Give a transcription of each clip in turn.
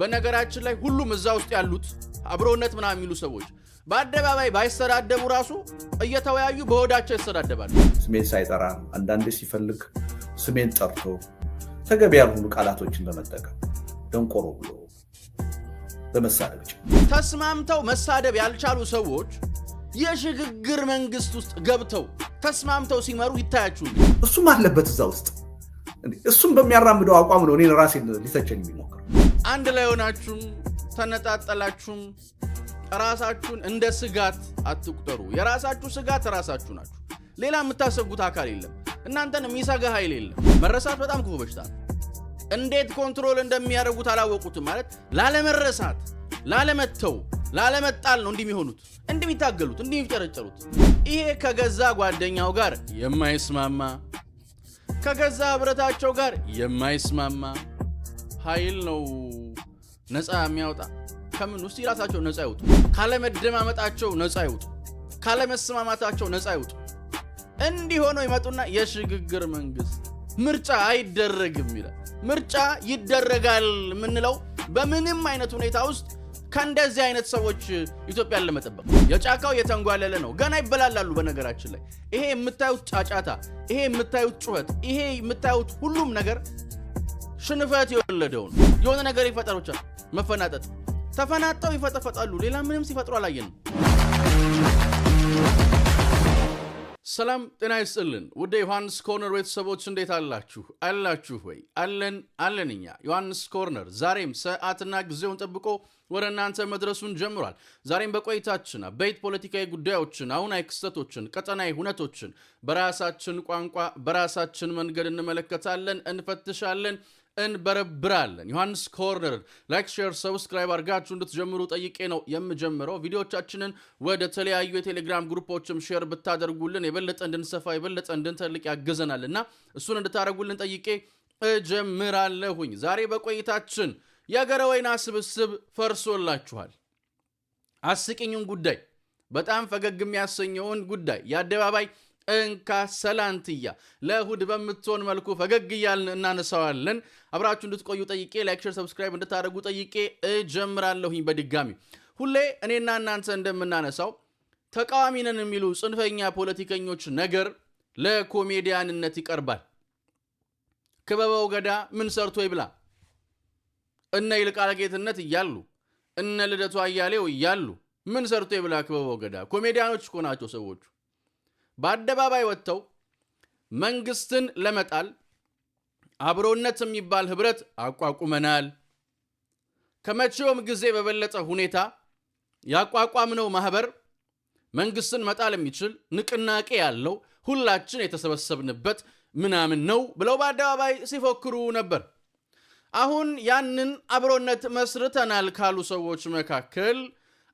በነገራችን ላይ ሁሉም እዛ ውስጥ ያሉት አብሮነት ምናምን የሚሉ ሰዎች በአደባባይ ባይሰዳደቡ ራሱ እየተወያዩ በሆዳቸው ይሰዳደባሉ። ስሜን ሳይጠራ አንዳንዴ ሲፈልግ ስሜን ጠርቶ ተገቢ ያልሆኑ ቃላቶችን በመጠቀም ደንቆሮ ብሎ በመሳደብ ተስማምተው መሳደብ ያልቻሉ ሰዎች የሽግግር መንግስት ውስጥ ገብተው ተስማምተው ሲመሩ ይታያችሁ። እሱም አለበት እዛ ውስጥ እሱም በሚያራምደው አቋም ነው እኔን ራሴን ሊተቸኝ የሚሞክር አንድ ላይ ሆናችሁም ተነጣጠላችሁም ራሳችሁን እንደ ስጋት አትቁጠሩ። የራሳችሁ ስጋት ራሳችሁ ናችሁ። ሌላ የምታሰጉት አካል የለም። እናንተን የሚሰጋ ኃይል የለም። መረሳት በጣም ክፉ በሽታ ነው። እንዴት ኮንትሮል እንደሚያደርጉት አላወቁትም። ማለት ላለመረሳት፣ ላለመተው፣ ላለመጣል ነው እንዲህ የሚሆኑት፣ እንዲህ የሚታገሉት፣ እንዲህ የሚጨረጨሩት። ይሄ ከገዛ ጓደኛው ጋር የማይስማማ ከገዛ ህብረታቸው ጋር የማይስማማ ኃይል ነው። ነፃ የሚያወጣ ከምን ውስጥ የራሳቸው ነፃ ይውጡ። ካለመደማመጣቸው ነፃ ይውጡ። ካለመስማማታቸው ነፃ ይውጡ። እንዲህ ሆነው ይመጡና የሽግግር መንግስት ምርጫ አይደረግም ይላል። ምርጫ ይደረጋል የምንለው በምንም አይነት ሁኔታ ውስጥ ከእንደዚህ አይነት ሰዎች ኢትዮጵያን ለመጠበቅ የጫካው የተንጓለለ ነው። ገና ይበላላሉ። በነገራችን ላይ ይሄ የምታዩት ጫጫታ፣ ይሄ የምታዩት ጩኸት፣ ይሄ የምታዩት ሁሉም ነገር ሽንፈት የወለደውን የሆነ ነገር ይፈጠሮቻል መፈናጠጥ ተፈናጠው ይፈጠፈጣሉ። ሌላ ምንም ሲፈጥሩ አላየንም። ሰላም ጤና ይስጥልን። ወደ ዮሐንስ ኮርነር ቤተሰቦች እንዴት አላችሁ? አላችሁ ወይ? አለን አለን። እኛ ዮሐንስ ኮርነር ዛሬም ሰዓትና ጊዜውን ጠብቆ ወደ እናንተ መድረሱን ጀምሯል። ዛሬም በቆይታችን አበይት ፖለቲካዊ ጉዳዮችን፣ አሁናዊ ክስተቶችን፣ ቀጠናዊ ሁነቶችን በራሳችን ቋንቋ በራሳችን መንገድ እንመለከታለን፣ እንፈትሻለን እንበረብራለን። ዮሐንስ ኮርነር ላይክ፣ ሼር፣ ሰብስክራይብ አድርጋችሁ እንድትጀምሩ ጠይቄ ነው የምጀምረው። ቪዲዮቻችንን ወደ ተለያዩ የቴሌግራም ግሩፖችም ሼር ብታደርጉልን የበለጠ እንድንሰፋ የበለጠ እንድንተልቅ ያገዘናል እና እሱን እንድታደርጉልን ጠይቄ እጀምራለሁኝ። ዛሬ በቆይታችን የአገረ ወይና ስብስብ ፈርሶላችኋል። አስቂኙን ጉዳይ፣ በጣም ፈገግ የሚያሰኘውን ጉዳይ፣ የአደባባይ እንካ ሰላንትያ ለእሁድ በምትሆን መልኩ ፈገግ እያልን እናነሳዋለን። አብራችሁ እንድትቆዩ ጠይቄ ላይክ፣ ሼር፣ ሰብስክራይብ እንድታደርጉ ጠይቄ እጀምራለሁኝ። በድጋሚ ሁሌ እኔና እናንተ እንደምናነሳው ተቃዋሚ ነን የሚሉ ጽንፈኛ ፖለቲከኞች ነገር ለኮሜዲያንነት ይቀርባል። ክበበው ገዳ ምን ሰርቶ ይብላ፣ እነ ይልቃል ጌትነት እያሉ እነ ልደቱ አያሌው እያሉ ምን ሰርቶ ይብላ ክበበው ገዳ? ኮሜዲያኖች እኮ ናቸው ሰዎቹ። በአደባባይ ወጥተው መንግስትን ለመጣል አብሮነት የሚባል ህብረት አቋቁመናል፣ ከመቼውም ጊዜ በበለጠ ሁኔታ ያቋቋምነው ማህበር መንግስትን መጣል የሚችል ንቅናቄ ያለው ሁላችን የተሰበሰብንበት ምናምን ነው ብለው በአደባባይ ሲፎክሩ ነበር። አሁን ያንን አብሮነት መስርተናል ካሉ ሰዎች መካከል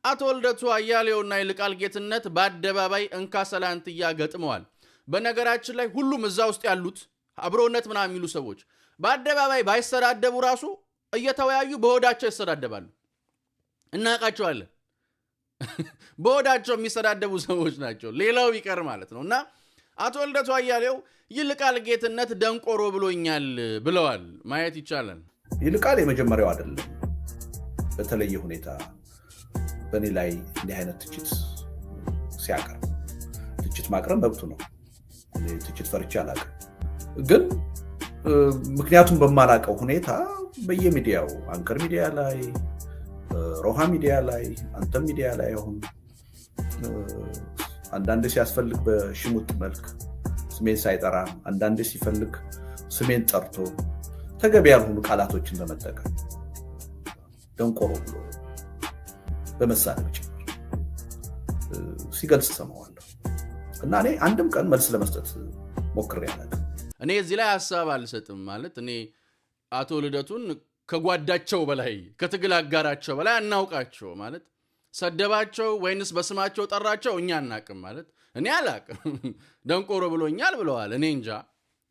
አቶ ልደቱ አያሌውና ይልቃል ጌትነት በአደባባይ እንካሰላንትያ ገጥመዋል። በነገራችን ላይ ሁሉም እዛ ውስጥ ያሉት አብሮነት ምናምን የሚሉ ሰዎች በአደባባይ ባይሰዳደቡ ራሱ እየተወያዩ በሆዳቸው ይሰዳደባሉ። እናውቃቸዋለን። በሆዳቸው የሚሰዳደቡ ሰዎች ናቸው። ሌላው ይቀር ማለት ነው እና አቶ ልደቱ አያሌው ይልቃል ጌትነት ደንቆሮ ብሎኛል ብለዋል። ማየት ይቻላል። ይልቃል የመጀመሪያው አይደለም። በተለየ ሁኔታ በእኔ ላይ እንዲህ አይነት ትችት ሲያቀርብ ትችት ማቅረብ መብቱ ነው። ትችት ፈርቼ አላውቅም። ግን ምክንያቱም በማላቀው ሁኔታ በየሚዲያው አንከር ሚዲያ ላይ፣ ሮሃ ሚዲያ ላይ፣ አንተም ሚዲያ ላይ አሁን አንዳንዴ ሲያስፈልግ በሽሙጥ መልክ ስሜን ሳይጠራ አንዳንዴ ሲፈልግ ስሜን ጠርቶ ተገቢ ያልሆኑ ቃላቶችን በመጠቀም ደንቆሮ ብሎ በመሳደብ ጭምር ሲገልጽ ሰማዋለሁ እና እኔ አንድም ቀን መልስ ለመስጠት ሞክሬ አላውቅም። እኔ እዚህ ላይ ሀሳብ አልሰጥም ማለት እኔ አቶ ልደቱን ከጓዳቸው በላይ ከትግል አጋራቸው በላይ አናውቃቸው ማለት ሰደባቸው ወይንስ በስማቸው ጠራቸው እኛ አናቅም ማለት እኔ አላቅም። ደንቆሮ ብሎኛል ብለዋል። እኔ እንጃ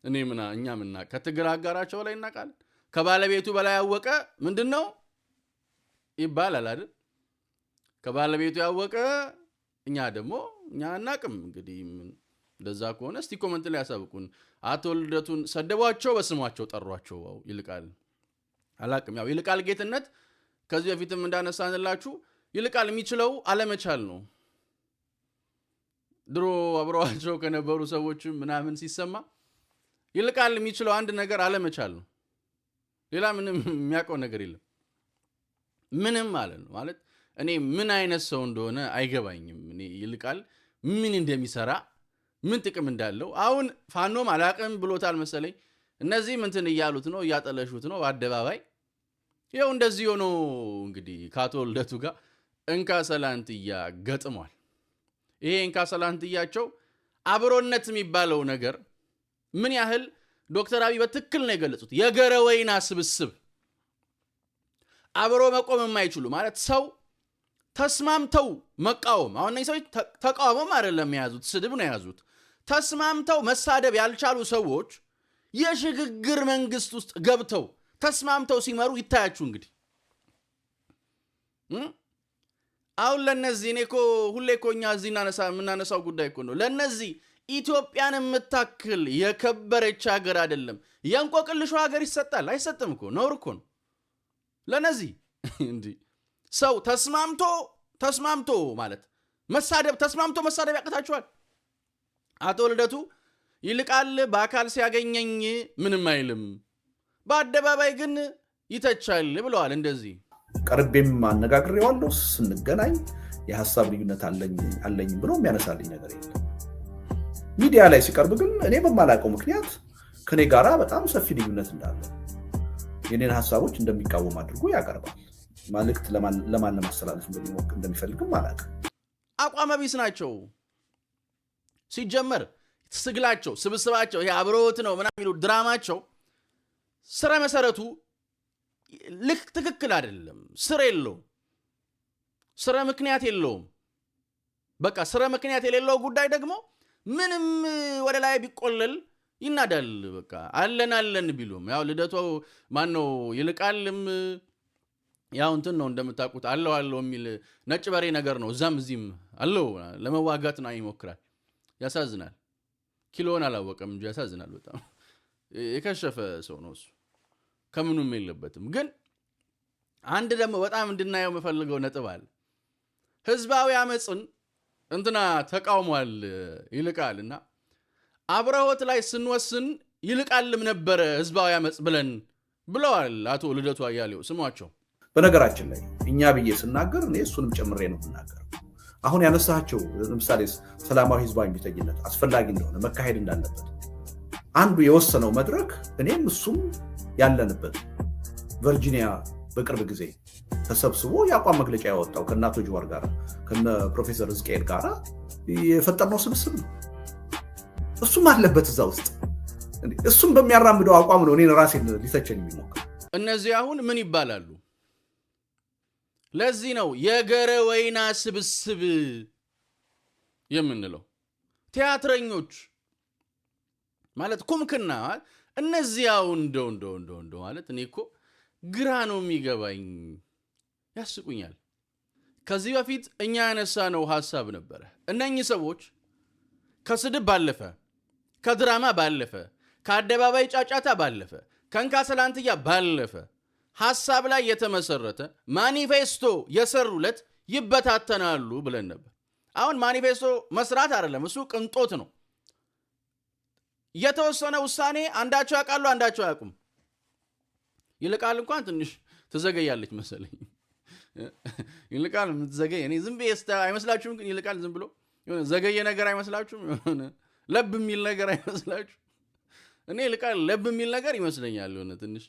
እኔ ምና እኛ ምና ከትግል አጋራቸው በላይ እናቃለን። ከባለቤቱ በላይ ያወቀ ምንድን ነው ይባላል አይደል? ከባለቤቱ ያወቀ እኛ ደግሞ እኛ አናቅም። እንግዲህ እንደዛ ከሆነ እስቲ ኮመንት ላይ ያሳብቁን። አቶ ልደቱን ሰደቧቸው፣ በስማቸው ጠሯቸው። ይልቃል አላቅም። ያው ይልቃል ጌትነት ከዚህ በፊትም እንዳነሳንላችሁ ይልቃል የሚችለው አለመቻል ነው። ድሮ አብረዋቸው ከነበሩ ሰዎችም ምናምን ሲሰማ ይልቃል የሚችለው አንድ ነገር አለመቻል ነው። ሌላ ምንም የሚያውቀው ነገር የለም። ምንም ማለት ነው ማለት እኔ ምን አይነት ሰው እንደሆነ አይገባኝም። እኔ ይልቃል ምን እንደሚሰራ ምን ጥቅም እንዳለው አሁን ፋኖም አላቅም ብሎታል መሰለኝ። እነዚህም እንትን እያሉት ነው እያጠለሹት ነው በአደባባይ ይኸው እንደዚህ ሆኖ እንግዲህ ከአቶ ልደቱ ጋር እንካ ሰላንትያ ገጥሟል። ይሄ እንካ ሰላንትያቸው አብሮነት የሚባለው ነገር ምን ያህል ዶክተር አብይ በትክክል ነው የገለጹት። የገረወይና ስብስብ አብሮ መቆም የማይችሉ ማለት ሰው ተስማምተው መቃወም። አሁን እነዚህ ሰዎች ተቃውሞም አይደለም የያዙት፣ ስድብ ነው የያዙት። ተስማምተው መሳደብ ያልቻሉ ሰዎች የሽግግር መንግስት ውስጥ ገብተው ተስማምተው ሲመሩ ይታያችሁ። እንግዲህ አሁን ለነዚህ እኔ እኮ ሁሌ እኮ እኛ እዚህ የምናነሳው ጉዳይ እኮ ነው። ለነዚህ ኢትዮጵያን የምታክል የከበረች ሀገር አይደለም የእንቆቅልሹ ሀገር ይሰጣል አይሰጥም እኮ ነውር እኮ ነው ለነዚህ እንዲህ ሰው ተስማምቶ ተስማምቶ ማለት መሳደብ ተስማምቶ መሳደብ ያቅታችኋል። አቶ ልደቱ ይልቃል በአካል ሲያገኘኝ ምንም አይልም፣ በአደባባይ ግን ይተቻል ብለዋል። እንደዚህ ቀርቤም አነጋግሬዋለሁ። ስንገናኝ የሀሳብ ልዩነት አለኝ ብሎ የሚያነሳልኝ ነገር የለም። ሚዲያ ላይ ሲቀርብ ግን እኔ በማላውቀው ምክንያት ከኔ ጋራ በጣም ሰፊ ልዩነት እንዳለ የኔን ሀሳቦች እንደሚቃወም አድርጎ ያቀርባል። መልእክት ለማን ለማስተላለፍ እንደሚፈልግም ማለት አቋመ ቢስ ናቸው። ሲጀመር ትግላቸው፣ ስብስባቸው ይሄ አብሮት ነው ምናምን የሚሉ ድራማቸው ስረ መሰረቱ ልክ ትክክል አይደለም። ስር የለው ስረ ምክንያት የለውም። በቃ ስረ ምክንያት የሌለው ጉዳይ ደግሞ ምንም ወደ ላይ ቢቆለል ይናዳል። በቃ አለን አለን ቢሉም ያው ልደቶ ማን ነው ይልቃልም ያው እንትን ነው እንደምታውቁት አለው አለው የሚል ነጭ በሬ ነገር ነው። እዛም እዚህም አለው ለመዋጋት ነው ይሞክራል። ያሳዝናል። ኪሎን አላወቀም እንጂ ያሳዝናል። በጣም የከሸፈ ሰው ነው እሱ። ከምኑም የለበትም። ግን አንድ ደግሞ በጣም እንድናየው የምፈልገው ነጥብ አለ። ህዝባዊ አመፅን እንትና ተቃውሟል ይልቃል እና አብረሆት ላይ ስንወስን ይልቃልም ነበረ ህዝባዊ አመፅ ብለን ብለዋል አቶ ልደቱ አያሌው ስሟቸው በነገራችን ላይ እኛ ብዬ ስናገር እኔ እሱንም ጨምሬ ነው የምናገር። አሁን ያነሳቸው ለምሳሌ ሰላማዊ ህዝባዊ እምቢተኝነት አስፈላጊ እንደሆነ መካሄድ እንዳለበት አንዱ የወሰነው መድረክ እኔም እሱም ያለንበት ቨርጂኒያ በቅርብ ጊዜ ተሰብስቦ የአቋም መግለጫ ያወጣው ከእናቶ ጅዋር ጋር ከነ ፕሮፌሰር ሕዝቅኤል ጋር የፈጠርነው ስብስብ ነው። እሱም አለበት እዛ ውስጥ እሱም በሚያራምደው አቋም ነው እኔን ራሴን ሊተቸን የሚሞክር። እነዚህ አሁን ምን ይባላሉ? ለዚህ ነው የገረ ወይና ስብስብ የምንለው። ቲያትረኞች ማለት ኩምክና እነዚያው እንደው እንደው እንደው እንደው ማለት እኔ እኮ ግራ ነው የሚገባኝ፣ ያስቁኛል። ከዚህ በፊት እኛ ያነሳነው ሀሳብ ነበረ። እነኚህ ሰዎች ከስድብ ባለፈ ከድራማ ባለፈ ከአደባባይ ጫጫታ ባለፈ ከእንካ ሰላንትያ ባለፈ ሐሳብ ላይ የተመሰረተ ማኒፌስቶ የሰሩለት ይበታተናሉ ብለን ነበር። አሁን ማኒፌስቶ መስራት አይደለም፣ እሱ ቅንጦት ነው። የተወሰነ ውሳኔ አንዳቸው ያውቃሉ፣ አንዳቸው አያውቁም። ይልቃል እንኳን ትንሽ ትዘገያለች መሰለኝ። ይልቃል የምትዘገይ እኔ ዝም ብዬ አይመስላችሁም? ግን ይልቃል ዝም ብሎ ዘገየ ነገር አይመስላችሁም? የሆነ ለብ የሚል ነገር አይመስላችሁ? እኔ ይልቃል ለብ የሚል ነገር ይመስለኛል። የሆነ ትንሽ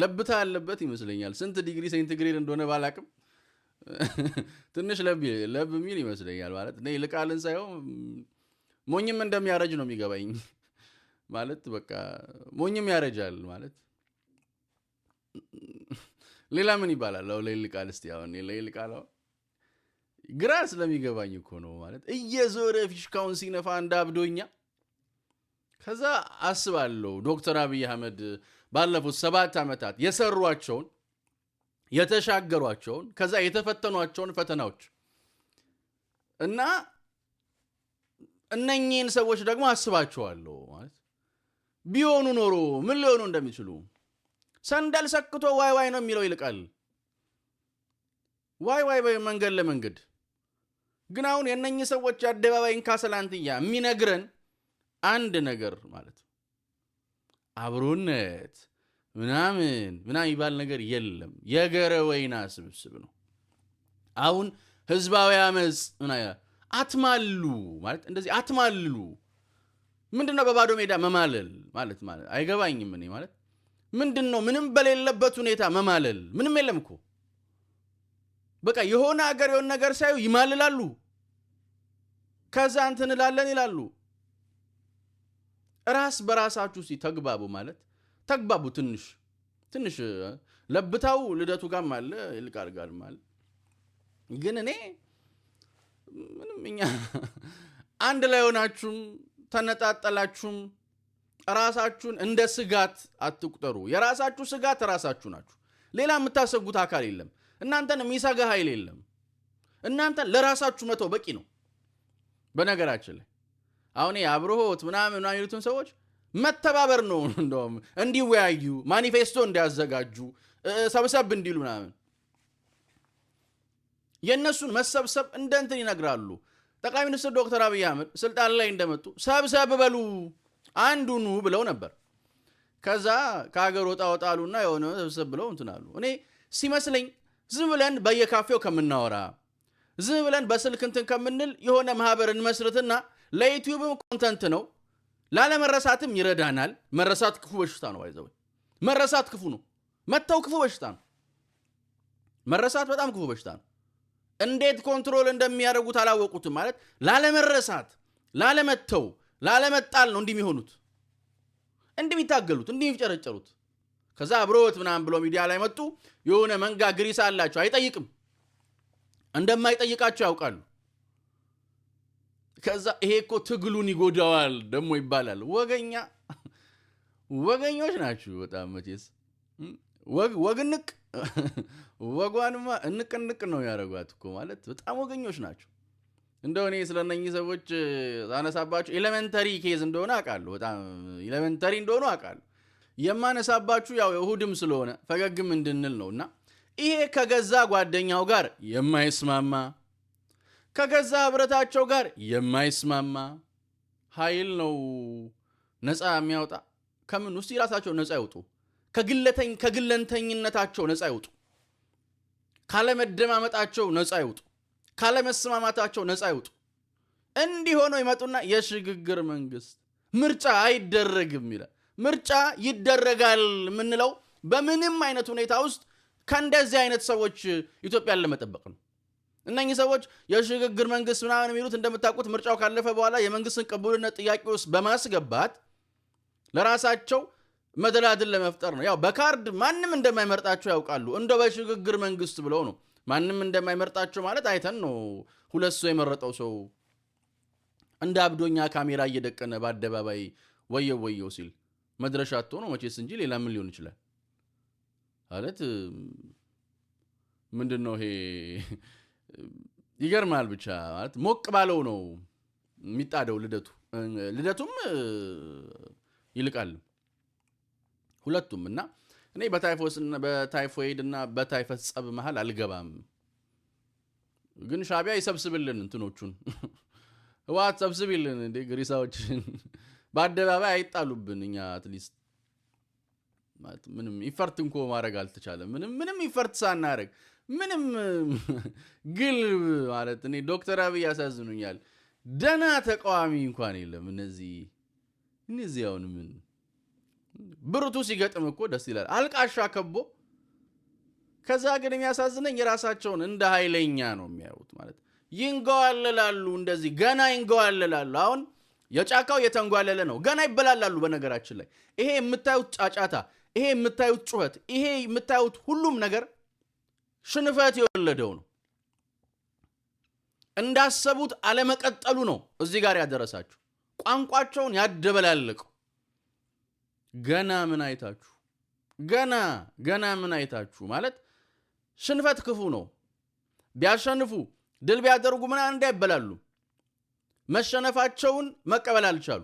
ለብታ ያለበት ይመስለኛል። ስንት ዲግሪ ሴንቲግሬድ እንደሆነ ባላቅም ትንሽ ለብ ለብ የሚል ይመስለኛል። ማለት እኔ ይልቃልን ሳይሆን ሞኝም እንደሚያረጅ ነው የሚገባኝ። ማለት በቃ ሞኝም ያረጃል ማለት ሌላ ምን ይባላል? አሁ ለይልቃል እስቲ አሁን ግራ ስለሚገባኝ እኮ ነው ማለት እየዞረ ፊሽካውን ሲነፋ እንዳብዶኛ ከዛ አስባለሁ ዶክተር አብይ አህመድ ባለፉት ሰባት ዓመታት የሰሯቸውን የተሻገሯቸውን ከዛ የተፈተኗቸውን ፈተናዎች እና እነኚህን ሰዎች ደግሞ አስባቸዋለሁ ማለት ቢሆኑ ኖሮ ምን ሊሆኑ እንደሚችሉ ሰንደል ሰክቶ ዋይ ዋይ ነው የሚለው ይልቃል። ዋይ ዋይ መንገድ ለመንገድ ግን አሁን የእነኚህ ሰዎች አደባባይን ካሰላንትያ የሚነግረን አንድ ነገር ማለት አብሮነት ምናምን ምናምን ይባል ነገር የለም። የገረ ወይና ስብስብ ነው። አሁን ህዝባዊ አመፅ አትማሉ ማለት እንደዚህ አትማልሉ። ምንድነው በባዶ ሜዳ መማለል ማለት ማለት አይገባኝም። እኔ ማለት ምንድን ነው ምንም በሌለበት ሁኔታ መማለል? ምንም የለም እኮ በቃ የሆነ ሀገር የሆነ ነገር ሳዩ ይማልላሉ። ከዛ እንትን እላለን ይላሉ። ራስ በራሳችሁ ሲ ተግባቡ ማለት ተግባቡ። ትንሽ ትንሽ ለብታው ልደቱ ጋም አለ ይልቃል ጋርም አለ። ግን እኔ ምንም እኛ አንድ ላይ ሆናችሁም ተነጣጠላችሁም ራሳችሁን እንደ ስጋት አትቁጠሩ። የራሳችሁ ስጋት ራሳችሁ ናችሁ። ሌላ የምታሰጉት አካል የለም። እናንተን የሚሰጋ ኃይል የለም። እናንተን ለራሳችሁ መተው በቂ ነው። በነገራችን ላይ አሁን አብርሆት ምናምን ምናምን የሚሉትን ሰዎች መተባበር ነው እንደውም እንዲወያዩ ማኒፌስቶ እንዲያዘጋጁ ሰብሰብ እንዲሉ ምናምን የእነሱን መሰብሰብ እንደ እንትን ይነግራሉ። ጠቅላይ ሚኒስትር ዶክተር አብይ አህመድ ስልጣን ላይ እንደመጡ ሰብሰብ በሉ አንዱኑ ብለው ነበር። ከዛ ከሀገር ወጣ ወጣሉና የሆነ ሰብሰብ ብለው እንትን አሉ። እኔ ሲመስለኝ ዝም ብለን በየካፌው ከምናወራ ዝም ብለን በስልክ እንትን ከምንል የሆነ ማህበር እንመስርትና ለዩቲዩብም ኮንተንት ነው። ላለመረሳትም ይረዳናል። መረሳት ክፉ በሽታ ነው። ይዘው መረሳት ክፉ ነው። መተው ክፉ በሽታ ነው። መረሳት በጣም ክፉ በሽታ ነው። እንዴት ኮንትሮል እንደሚያደርጉት አላወቁትም። ማለት ላለመረሳት፣ ላለመተው፣ ላለመጣል ነው እንዲህ የሚሆኑት እንዲህ የሚታገሉት እንዲህ የሚጨረጨሩት። ከዛ አብሮት ምናምን ብሎ ሚዲያ ላይ መጡ። የሆነ መንጋ ግሪሳ አላቸው። አይጠይቅም፣ እንደማይጠይቃቸው ያውቃሉ። ከዛ ይሄ እኮ ትግሉን ይጎዳዋል ደግሞ ይባላል። ወገኛ ወገኞች ናችሁ በጣም መቼስ ወግንቅ ወጓንማ እንቅ እንቅ ነው ያደረጓት እኮ ማለት በጣም ወገኞች ናቸው። እንደሆነ ስለነኚህ ሰዎች አነሳባችሁ ኤሌመንተሪ ኬዝ እንደሆነ አውቃለሁ። በጣም ኤሌመንተሪ እንደሆኑ አውቃለሁ። የማነሳባችሁ ያው እሁድም ስለሆነ ፈገግም እንድንል ነው እና ይሄ ከገዛ ጓደኛው ጋር የማይስማማ ከገዛ ህብረታቸው ጋር የማይስማማ ኃይል ነው ነፃ የሚያወጣ። ከምን ውስጥ የራሳቸው ነፃ ያውጡ። ከግለንተኝነታቸው ነፃ ይውጡ ካለመደማመጣቸው ነፃ ይውጡ ካለመስማማታቸው ነፃ ይውጡ እንዲህ ሆነው ይመጡና የሽግግር መንግስት ምርጫ አይደረግም ይላል። ምርጫ ይደረጋል የምንለው በምንም አይነት ሁኔታ ውስጥ ከእንደዚህ አይነት ሰዎች ኢትዮጵያን ለመጠበቅ ነው። እነኚህ ሰዎች የሽግግር መንግስት ምናምን የሚሉት እንደምታውቁት ምርጫው ካለፈ በኋላ የመንግስትን ቅቡልነት ጥያቄ ውስጥ በማስገባት ለራሳቸው መደላድል ለመፍጠር ነው። ያው በካርድ ማንም እንደማይመርጣቸው ያውቃሉ። እንደው በሽግግር መንግስት ብለው ነው። ማንም እንደማይመርጣቸው ማለት አይተን ነው። ሁለት ሰው የመረጠው ሰው እንደ አብዶኛ ካሜራ እየደቀነ በአደባባይ ወየው ወየው ሲል መድረሻ አቶ ነው መቼስ እንጂ ሌላ ምን ሊሆን ይችላል ማለት ምንድን ነው ይሄ? ይገርማል። ብቻ ማለት ሞቅ ባለው ነው የሚጣደው ልደቱ ልደቱም ይልቃል ሁለቱም እና እኔ በታይፎይድ እና በታይፈስ ጸብ መሀል አልገባም። ግን ሻቢያ ይሰብስብልን እንትኖቹን ህወሓት ሰብስብልን እንደ ግሪሳዎችን በአደባባይ አይጣሉብን። እኛ አትሊስት ማለት ምንም ኢፈርት እንኮ ማድረግ አልተቻለም። ምንም ምንም ኢፈርት ሳናደረግ ምንም ግል ማለት እኔ ዶክተር አብይ ያሳዝኑኛል። ደና ተቃዋሚ እንኳን የለም። እነዚህ እነዚህ አሁን ምን ብርቱ ሲገጥም እኮ ደስ ይላል። አልቃሻ ከቦ ከዛ ግን የሚያሳዝነኝ የራሳቸውን እንደ ኃይለኛ ነው የሚያዩት። ማለት ይንገዋለላሉ፣ እንደዚህ ገና ይንገዋለላሉ። አሁን የጫካው የተንጓለለ ነው ገና ይበላላሉ። በነገራችን ላይ ይሄ የምታዩት ጫጫታ ይሄ የምታዩት ጩኸት፣ ይሄ የምታዩት ሁሉም ነገር ሽንፈት የወለደው ነው። እንዳሰቡት አለመቀጠሉ ነው እዚህ ጋር ያደረሳችሁ። ቋንቋቸውን ያደበላለቀው ገና ምን አይታችሁ ገና ገና ምን አይታችሁ ማለት ሽንፈት ክፉ ነው። ቢያሸንፉ ድል ቢያደርጉ ምን አንድ አይበላሉ። መሸነፋቸውን መቀበል አልቻሉ።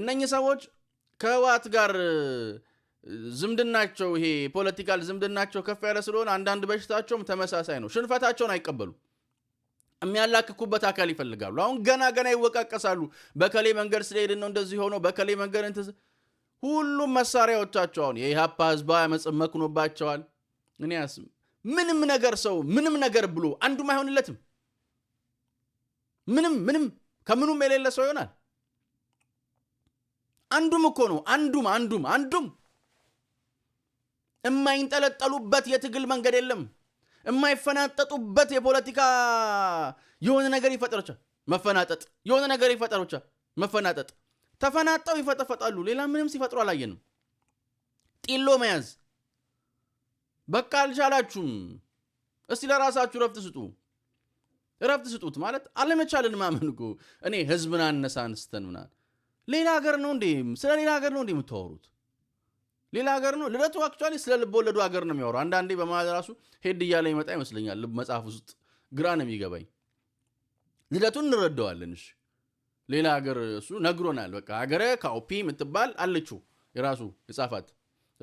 እነኚህ ሰዎች ከህወሓት ጋር ዝምድናቸው ይሄ ፖለቲካል ዝምድናቸው ከፍ ያለ ስለሆነ አንዳንድ በሽታቸውም ተመሳሳይ ነው። ሽንፈታቸውን አይቀበሉም። የሚያላክኩበት አካል ይፈልጋሉ። አሁን ገና ገና ይወቃቀሳሉ። በከሌ መንገድ ስለሄድ ነው እንደዚህ ሆኖ በከሌ መንገድ እንትን ሁሉም መሳሪያዎቻቸው አሁን የኢህአፓ ህዝባ መክኖባቸዋል። እኔ ምንም ነገር ሰው ምንም ነገር ብሎ አንዱም አይሆንለትም። ምንም ምንም ከምኑም የሌለ ሰው ይሆናል። አንዱም እኮ ነው አንዱም አንዱም አንዱም የማይንጠለጠሉበት የትግል መንገድ የለም። የማይፈናጠጡበት የፖለቲካ የሆነ ነገር ይፈጠሮቻ መፈናጠጥ የሆነ ነገር ይፈጠሮቻ መፈናጠጥ ተፈናጠው ይፈጠፈጣሉ። ሌላ ምንም ሲፈጥሩ አላየንም። ጢሎ መያዝ በቃ አልቻላችሁም። እስቲ ለራሳችሁ ረፍት ስጡ። ረፍት ስጡት ማለት አለመቻልን ማመን እኮ እኔ ህዝብን አነሳ አንስተን ምናምን ሌላ ሀገር ነው እንዴ? ስለ ሌላ ሀገር ነው እንዴ የምታወሩት? ሌላ ሀገር ነው። ልደቱ አክቹዋሊ ስለ ልብ ወለዱ ሀገር ነው የሚያወራው። አንዳንዴ በመሀል ራሱ ሄድ እያለ ይመጣ ይመስለኛል መጽሐፍ ውስጥ ግራ ነው የሚገባኝ። ልደቱን እንረዳዋለን። እሺ ሌላ ሀገር እሱ ነግሮናል። በቃ ሀገረ ካኦፒ የምትባል አለችው የራሱ የጻፋት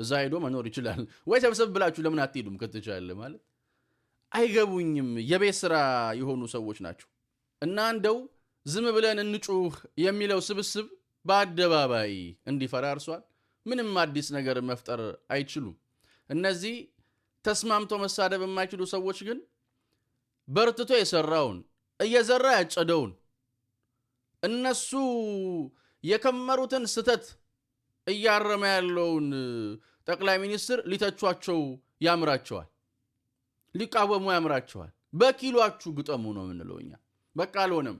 እዛ ሄዶ መኖር ይችላል ወይ? ሰብሰብ ብላችሁ ለምን አትሄዱም ከተቻለ ማለት አይገቡኝም። የቤት ስራ የሆኑ ሰዎች ናቸው እና እንደው ዝም ብለን እንጩህ የሚለው ስብስብ በአደባባይ እንዲፈራርሷል። ምንም አዲስ ነገር መፍጠር አይችሉም። እነዚህ ተስማምቶ መሳደብ የማይችሉ ሰዎች ግን በርትቶ የሰራውን እየዘራ ያጨደውን እነሱ የከመሩትን ስህተት እያረመ ያለውን ጠቅላይ ሚኒስትር ሊተቿቸው ያምራቸዋል፣ ሊቃወሙ ያምራቸዋል። በኪሏችሁ ግጠሙ ነው የምንለው እኛ። በቃ አልሆነም።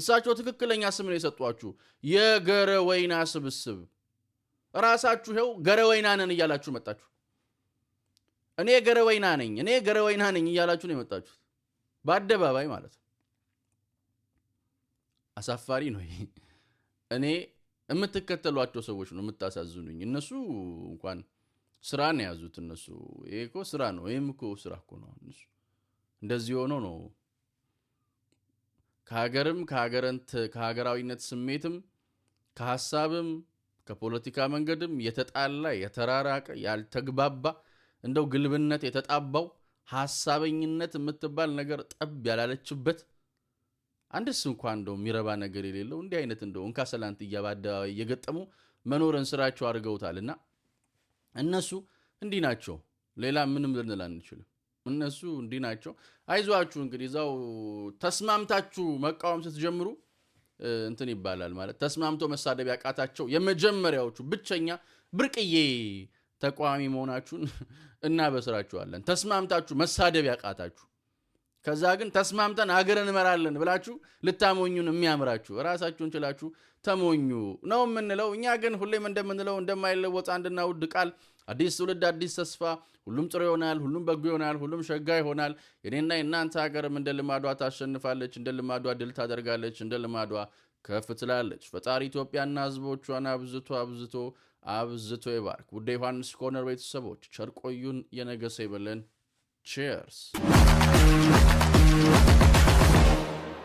እሳቸው ትክክለኛ ስም ነው የሰጧችሁ፣ የገረ ወይና ስብስብ ራሳችሁ ይኸው ገረወይና ነን እያላችሁ መጣችሁ። እኔ ገረወይና ነኝ፣ እኔ ገረወይና ነኝ እያላችሁ ነው የመጣችሁት በአደባባይ ማለት ነው። አሳፋሪ ነው ይሄ። እኔ የምትከተሏቸው ሰዎች ነው የምታሳዝኑኝ። እነሱ እንኳን ስራ ነው የያዙት። እነሱ ይሄ እኮ ስራ ነው፣ ይህም እኮ ስራ እኮ ነው። እነሱ እንደዚህ ሆኖ ነው ከሀገርም ከሀገራዊነት ስሜትም ከሀሳብም ከፖለቲካ መንገድም የተጣላ የተራራቀ ያልተግባባ እንደው ግልብነት የተጣባው ሀሳበኝነት የምትባል ነገር ጠብ ያላለችበት አንድስ እንኳ እንደው የሚረባ ነገር የሌለው እንዲህ አይነት እንደው እንካ ሰላንትያ በአደባባይ እየገጠሙ መኖርን ስራቸው አድርገውታል። እና እነሱ እንዲህ ናቸው። ሌላ ምንም ልንል አንችልም። እነሱ እንዲህ ናቸው። አይዟችሁ እንግዲህ እዛው ተስማምታችሁ መቃወም ስትጀምሩ እንትን ይባላል ማለት ተስማምቶ መሳደብ ያቃታቸው የመጀመሪያዎቹ ብቸኛ ብርቅዬ ተቃዋሚ መሆናችሁን እናበስራችኋለን። ተስማምታችሁ መሳደብ ያቃታችሁ ከዛ ግን ተስማምተን አገር እንመራለን ብላችሁ ልታሞኙን የሚያምራችሁ ራሳችሁን ችላችሁ ተሞኙ ነው የምንለው። እኛ ግን ሁሌም እንደምንለው እንደማይለወጥ አንድና ውድ ቃል አዲስ ትውልድ አዲስ ተስፋ፣ ሁሉም ጥሩ ይሆናል፣ ሁሉም በጎ ይሆናል፣ ሁሉም ሸጋ ይሆናል። የኔና የእናንተ ሀገርም እንደ ልማዷ ታሸንፋለች፣ እንደ ልማዷ ድል ታደርጋለች፣ እንደ ልማዷ ከፍ ትላለች። ፈጣሪ ኢትዮጵያና ሕዝቦቿን አብዝቶ አብዝቶ አብዝቶ ይባርክ። ውደ ዮሐንስ ኮርነር ቤተሰቦች ቸርቆዩን የነገሰ ይበለን። ቼርስ